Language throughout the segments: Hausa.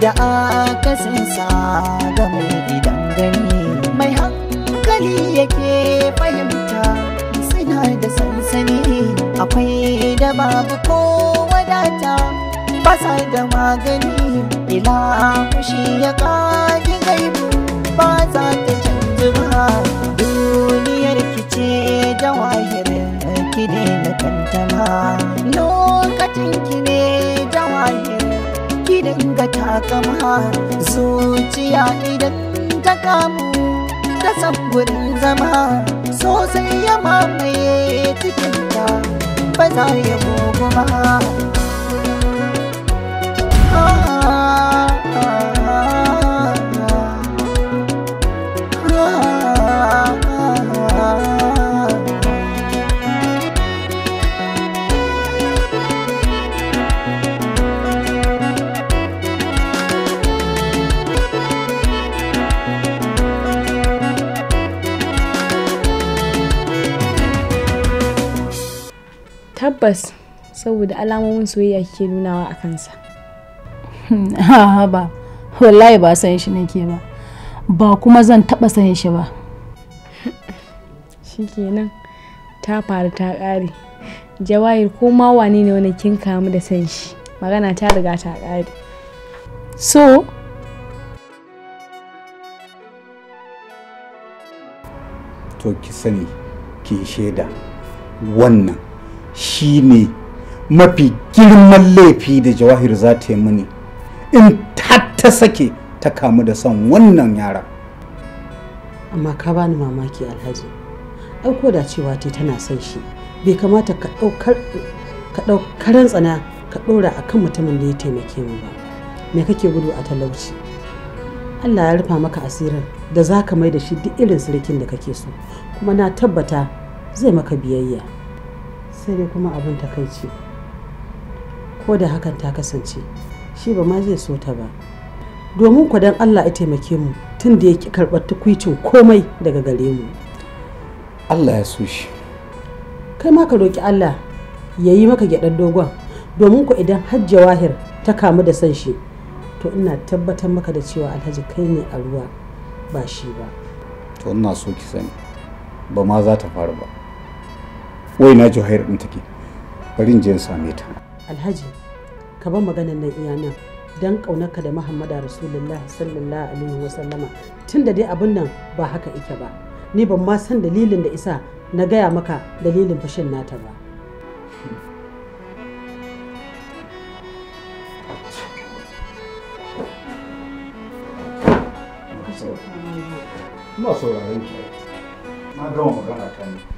da akasinsa ga mai gidan gani mai hankali yake fahimta suna da sansani akwai da babu ko wadata ba da magani ila fushi ya kaji gaibu ba za ta canji ba duniyar kice jawahirin ki ne na kantama dinga takama zuciya idan ta kamu ta san gurin zama sosai ya mamaye cikinta ba za ya bugu ba ah, tabbas saboda alamomin soyayya ke nunawa a kansa ha ba wallahi ba san shi nake ba ba kuma zan taba san shi ba shikenan ta faru ta ƙare jawahir ko ma wane ne wani kin kamu da san shi magana ta riga ta ƙare so to ki sani ki shaida wannan shine mafi girman laifi da jawahir za ta yi mini in ta ta sake ta kamu da son wannan yaran amma ka bani mamaki alhaji ai ko da cewa te tana son shi bai kamata ka ɗaukar tsana ka ɗora a kan mutumin da ya taimake mu ba me kake gudu a talauci allah ya rufa maka asirin da za ka mai da shi duk irin sirikin da kake so kuma na tabbata zai maka biyayya sai dai kuma abin takaici ko da hakan ta kasance shi ba ma zai so ta ba domin ku dan Allah ya taimake mu tun da ya karɓar tukwicin komai daga gare mu Allah ya so shi kai ma ka roki Allah ya yi maka gyaɗar dogon domin ku idan har Wahir ta kamu da san shi to ina tabbatar maka da cewa alhaji kai ne a ruwa ba shi ba to ina so ki sani ba ma za ta faru ba wai na ji din take bari in je in same ta alhaji ka bar maganar nan iya nan dan kaunarka da muhammada rasulullahi sallallahu alaihi wasallama tunda dai abin nan ba haka ike ba ni ban ma san dalilin da isa na gaya maka dalilin fashin nata ba Ina sauraron ki. Na gama magana ta ne.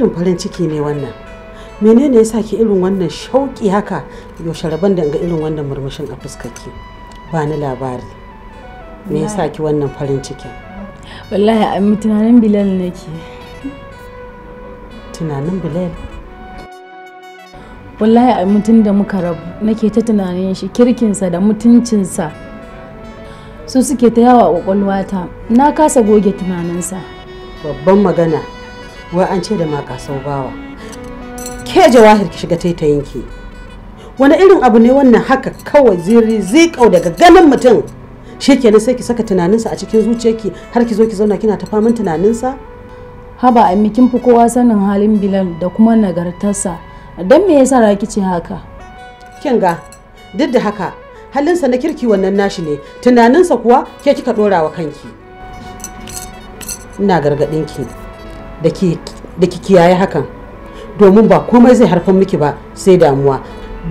irin farin ciki ne wannan menene ya sa ki irin wannan shauƙi haka yaushe rabon da ga irin wannan murmushin a fuskaki ba ni labari me ya sa ki wannan farin ciki. wallahi a tunanin bilal nake tunanin bilal wallahi a mutum da muka rabu nake ta tunanin shi kirkinsa da mutuncinsa su suke ta yawa a na kasa goge tunaninsa babban magana wai an ce da makasau bawa ke jawahir ki shiga taitayin ki wani irin abu ne wannan haka kawai ziri zikau daga ganin mutum shikenan sai ki saka tunaninsa a cikin zuciyarki har ki zo ki zauna kina ta faman tunaninsa haba a mikin fi kowa sanin halin bilal da kuma nagartarsa dan me yasa raki ce haka kin ga duk da haka halinsa na kirki wannan nashi ne tunaninsa kuwa ke kika dora kanki ina gargadin ki da ki kiyaye hakan domin ba komai zai harfan miki ba sai damuwa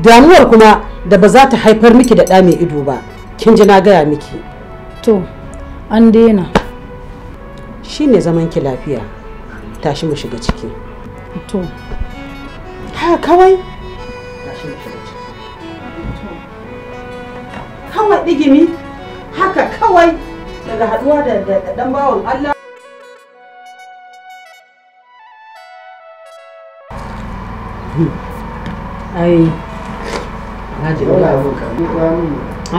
damuwar kuma da ba za ta haifar miki da ɗa mai ido ba kin ji na gaya miki to an daina shi ne zaman ki lafiya tashi mu shiga ciki to ha kawai mu shiga ciki kawai digimi haka kawai daga haduwa da dan bawan Allah ai Alhaji ina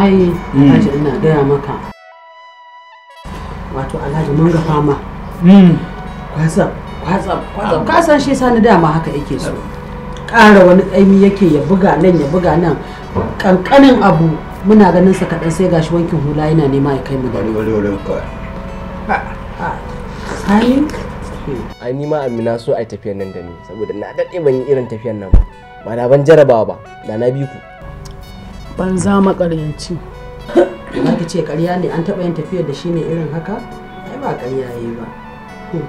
ai hmm. Alhaji ina gaya maka wato Alhaji mun ga fama hmm. kwatsam kwatsam kwatsam ah. ka san shi sani dama haka yake so ƙara wani ƙaimi yake ya buga nan ya buga nan ƙanƙanin abu muna ganin sa kaɗan sai gashi wankin hula yana nema ya kai mu gari. Sani? Hmm. ai ni ma amina so ai tafiyan nan da ni saboda na dade ban yi irin tafiyan nan ba ba da ban jarabawa ba da na bi ku ban za makaryanci na ki ce ƙarya ne an taɓa yin tafiyar da shi ne irin haka ai ba ƙarya yi ba hmm.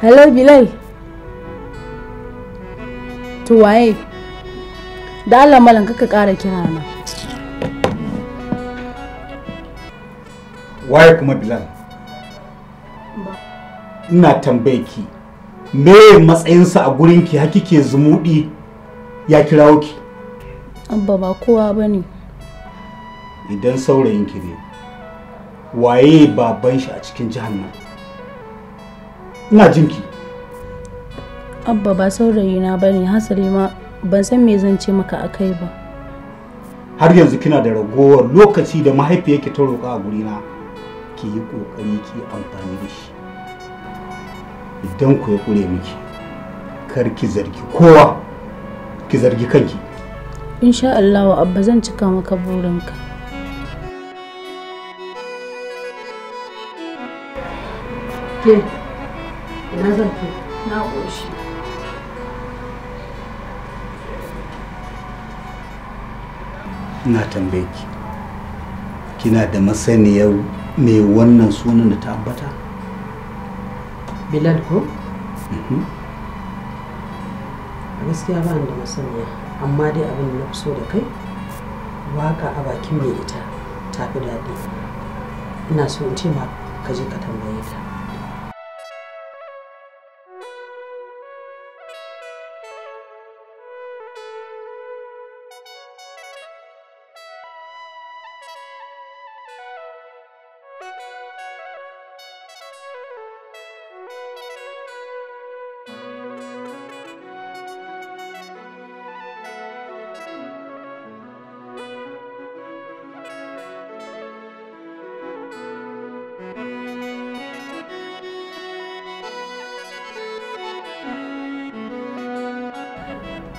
hello bilal to waye da allah malam kaka ƙara kira na waye kuma bilal ina tambaye ki me matsayinsa a gurin ki haki ke zumuɗi ya kirawo ki abba ba kowa ba ne idan saurayin ki ne waye baban shi a cikin nan? ina jinki abba ba saurayina ba ne hasali ma ban san me zan ce maka akai ba har yanzu kina da ragowar lokaci da mahaifiyarki ta roƙa a gurina ki yi ƙoƙari ki amfani da shi idan ku ya ƙure miki kar ki zargi kowa ki zargi kanki insha Allah wa abba zan cika maka burinka ke ina zan ke na ina tambaye kina da masaniyar me wannan sunan da ta ambata? bilal ko? Mm-hmm. a gaskiya ba ni da masaniya amma dai abin da na so da kai waka a bakin mai ita ta fi daɗi ina so in ce ma ka je ka tambaye ta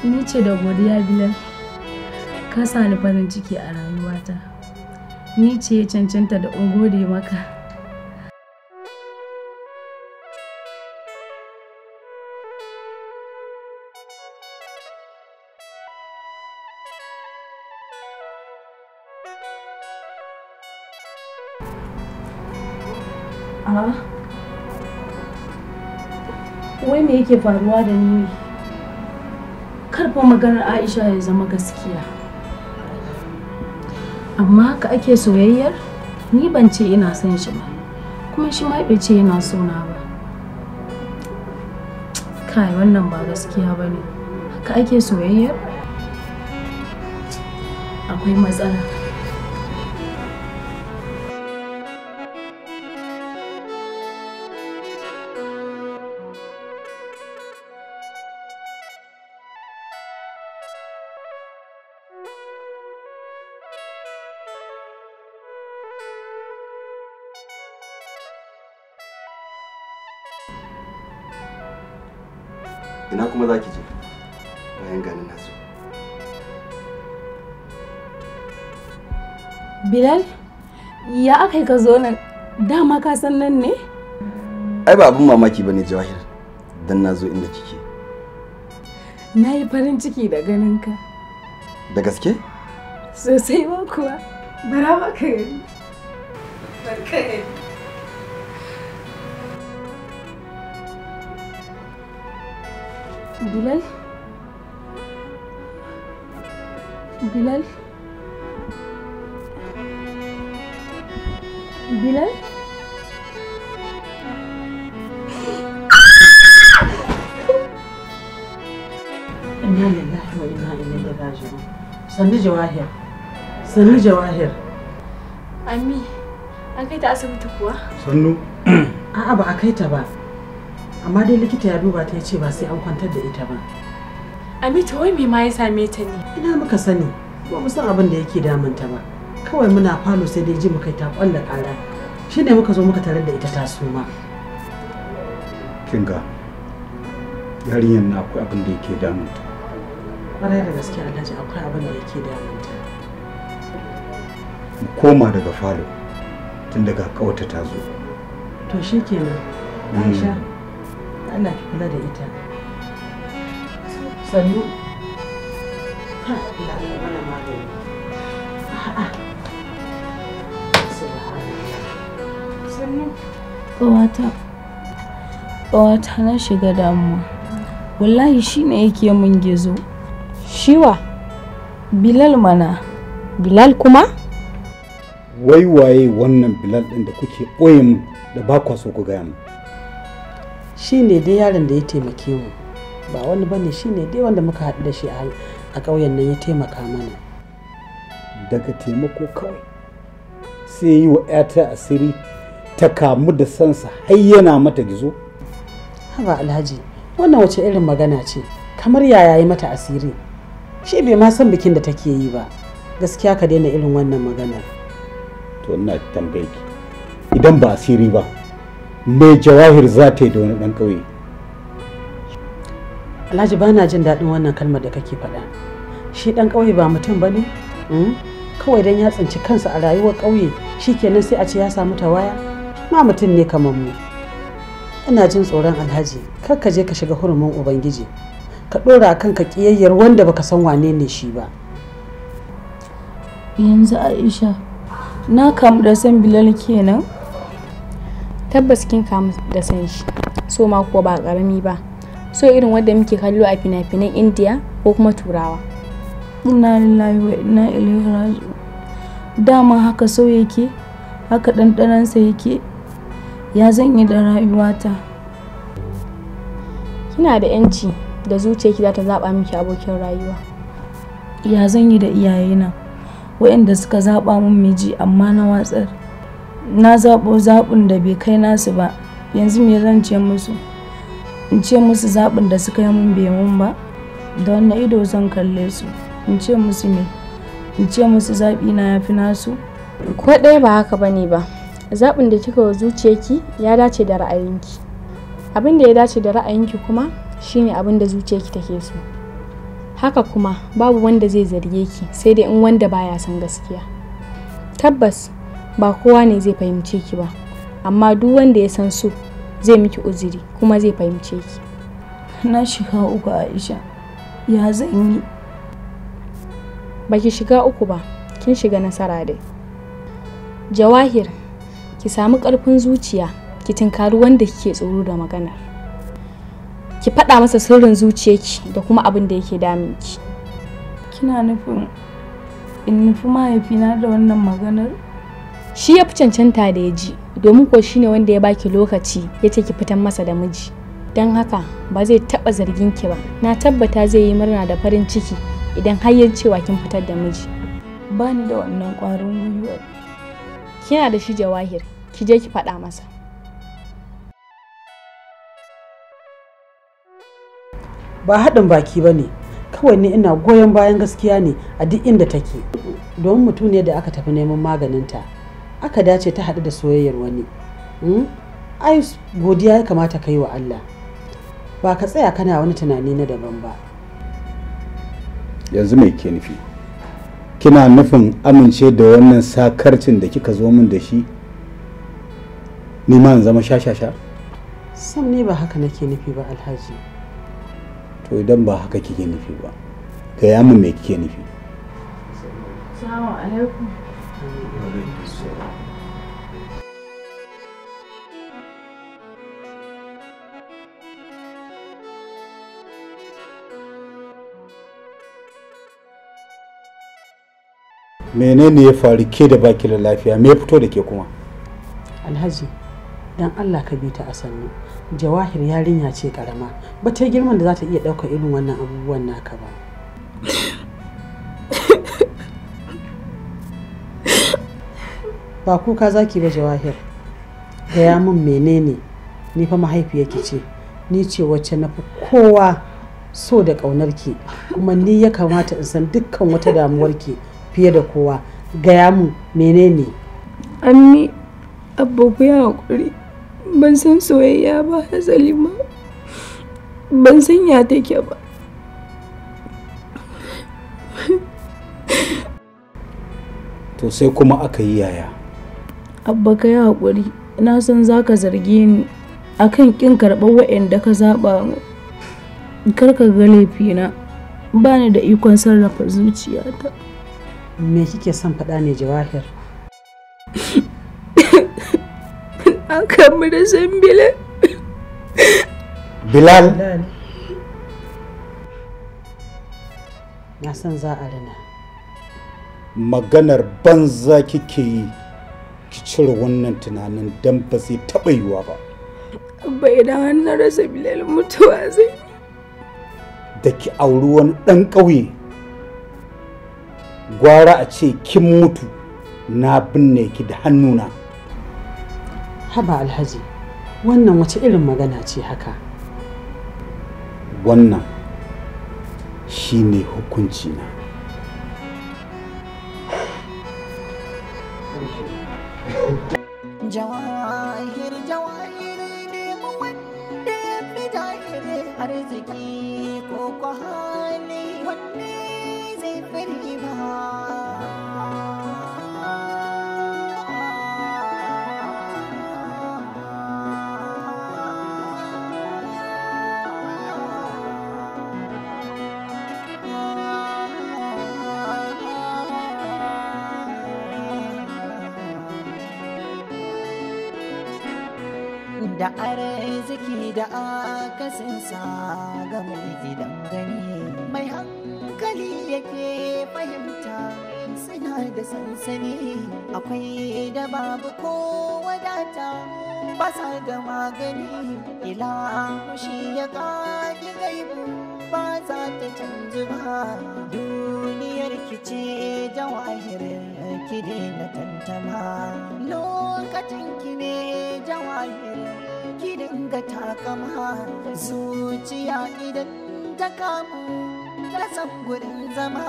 ni ce da godiya bilal ka sani farin ciki a rayuwata ni ce ya cancanta da in maka ah. wai me yake faruwa da ni karfin maganar aisha ya zama gaskiya amma haka ake soyayyar ni ban ce ina son shi ba kuma shi ma bai ce yana sona ba kai wannan ba gaskiya ba ne ake soyayyar akwai matsala za ki je bayan ganin nasu. Bilal, ya aka yi ka zo nan dama ka san nan ne? Ai ba abin mamaki ba ne Jawahir, don na zo inda kike. Na yi farin ciki da ganin ka. Da gaske? Sosai ba kuwa. Bara ba ka gani. Barka Bilal? Bilal? Bilal? Inna lillahi wa inna ilaihi raji'un. Sannu Jawahir. Sannu Jawahir. Ami, an kai ta asibiti kuwa? Sannu. A'a ba a kai ta ba. amma dai likita ya duba ta ya ce ba sai an kwantar da ita ba amita wai me ma ya same ta ne ina muka sani ba mu san abin da yake damunta ba kawai muna falo sai dai ji kai ta kwalla kara ne muka zo muka tarar da ita ta suma kinga yarinyar na akwai abin da yake damunta ƙwarai da gaske alhaji akwai abin da yake damunta mu koma daga falo tun daga kawata ta zo to shikenan aisha mm. Allah kula da ita sannu ƙawata ƙawata na shiga damuwa wallahi shine yake mun gizo shiwa bilal mana bilal kuma wai waye wannan bilal ɗin da kuke ɓoye mu da ba kwaso ku gaya mu shi ne dai yaron da ya taimake mu ba wani bane shi ne dai wanda muka haɗu da shi a ƙauyen nan ya taimaka mana daga taimako kawai sai yi wa 'yata asiri ta kamu da sansa har yana mata gizo haba alhaji wannan wace irin magana ce kamar yaya yi mata asiri shi bai ma san bikin da take yi ba gaskiya ka daina irin wannan maganar to ina tambaye idan ba asiri ba mai jawahir za ta yi da wani ɗan ƙauye alhaji ba na jin daɗin wannan kalmar da kake faɗa shi ɗan ƙauye ba mutum ba ne hmm? kawai don ya tsinci kansa a rayuwar ƙauye shi kenan sai a ce ya samu tawaya ma mutum ne kamar mu ina jin tsoron alhaji kar ka je ka shiga hurumin ubangiji ka ɗora kanka ƙiyayyar wanda baka san wane ne shi ba yanzu aisha na kamu da san bilal kenan tabbas kin kamu da san shi so ma kuwa ba karami ba so irin wanda muke kallo a fina-finan indiya ko kuma turawa ina lillahi wa ina ilaihi dama haka so yake haka ɗanɗanansa yake ya zan yi da rayuwata kina da yanci da zuciya ki za ta zaɓa miki abokin rayuwa ya zan yi da iyayena waɗanda suka zaɓa min miji amma na watsar na zaɓo zaɓin da bai kai nasu ba yanzu me zan ce musu in ce musu zaɓin da suka yi mun bai mun ba da wannan ido zan kalle su in ce musu me in ce musu zaɓi na ya fi nasu ko ɗaya ba haka bane ba zaɓin da kika wa zuciyarki ya dace da ra'ayinki abin da ya dace da ra'ayinki kuma shine abin da zuciyarki take so haka kuma babu wanda zai zarge ki sai dai in wanda baya son gaskiya tabbas ba kowa ne zai fahimce ki ba amma duk wanda ya san su zai miki uzuri kuma zai fahimce ki na shiga uku aisha ya zan yi ba ki shiga uku ba kin shiga nasara dai jawahir ki samu ƙarfin zuciya ki tinkari wanda kike tsoro da magana ki faɗa masa sirrin zuciyarki da kuma abin da yake daminki kina nufin in nufi mahaifina da wannan maganar shi ya fi cancanta da ya ji domin kuwa shine wanda ya baki lokaci ya ce ki fitan masa da miji don haka ba zai taba zargin ki ba na tabbata zai yi murna da farin ciki idan har ya cewa kin fitar da miji ba ni da wannan ƙwarin gwiwar kina da shi jawahir ki je ki faɗa masa ba haɗin baki ba ne kawai ne ina goyon bayan gaskiya ne a duk inda take don mutum ne da aka tafi neman maganinta aka dace ta haɗu da soyayyar wani hmm? ai godiya ya kamata ka yi wa Allah ba ka tsaya kana wani tunani na daban ba yanzu mai ke nufi kina nufin amince da wannan sakarcin da kika zo min da shi ni ma zama shashasha sam ne ba haka nake nufi ba alhaji to idan ba haka kike nufi ba gaya min mai kike nufi alaikum. menene ya faru ke da baki da lafiya me ya fito da ke kuma alhaji dan allah ka bi ta a sannu jawahir yarinya ce karama ba ta girman da za ta iya ɗauka irin wannan abubuwan naka ba ba kuka zaki ba jawahir gaya min menene ni fa mahaifi ki ce ni ce wacce na fi kowa so da ƙaunarki kuma ni ya kamata in san dukkan wata damuwarki fiye da kowa gaya min menene ammi abu ku ya hakuri ban san soyayya ba hasali ma ban san ya take ba to sai kuma aka yi yaya abba ka yi haƙuri na san za ka zarge ni akan ƙin karɓar waɗanda ka zaɓa mu kar ga laifina ba ni da ikon sarrafa zuciyata me kike son faɗa ne jawahir akan mu da san bilal bilal na san za a rina maganar banza kike yi ki cire wannan tunanin dan ba zai taɓa yiwa ba abba idan an rasa bilal mutuwa zai da ki auri wani ɗan ƙauye gwara a ce kin mutu na binne ki da hannuna haba alhaji wannan wace irin magana ce haka wannan shi ne hukuncina da arziki da akasinsa ga mai gidan gani mai hankali yake fahimta suna da sansani akwai da babu ko wadata ba sa da magani ila shi ya kage gaibu ba za ta canji ba duniyar kici jawahirin ki daina tantama lokacin ki ne jawahirin ki dinga takama zuciya idan ta kamu ta san zama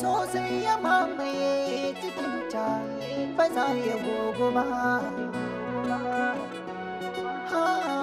sosai ya mamaye cikinta ba za ya gogo ha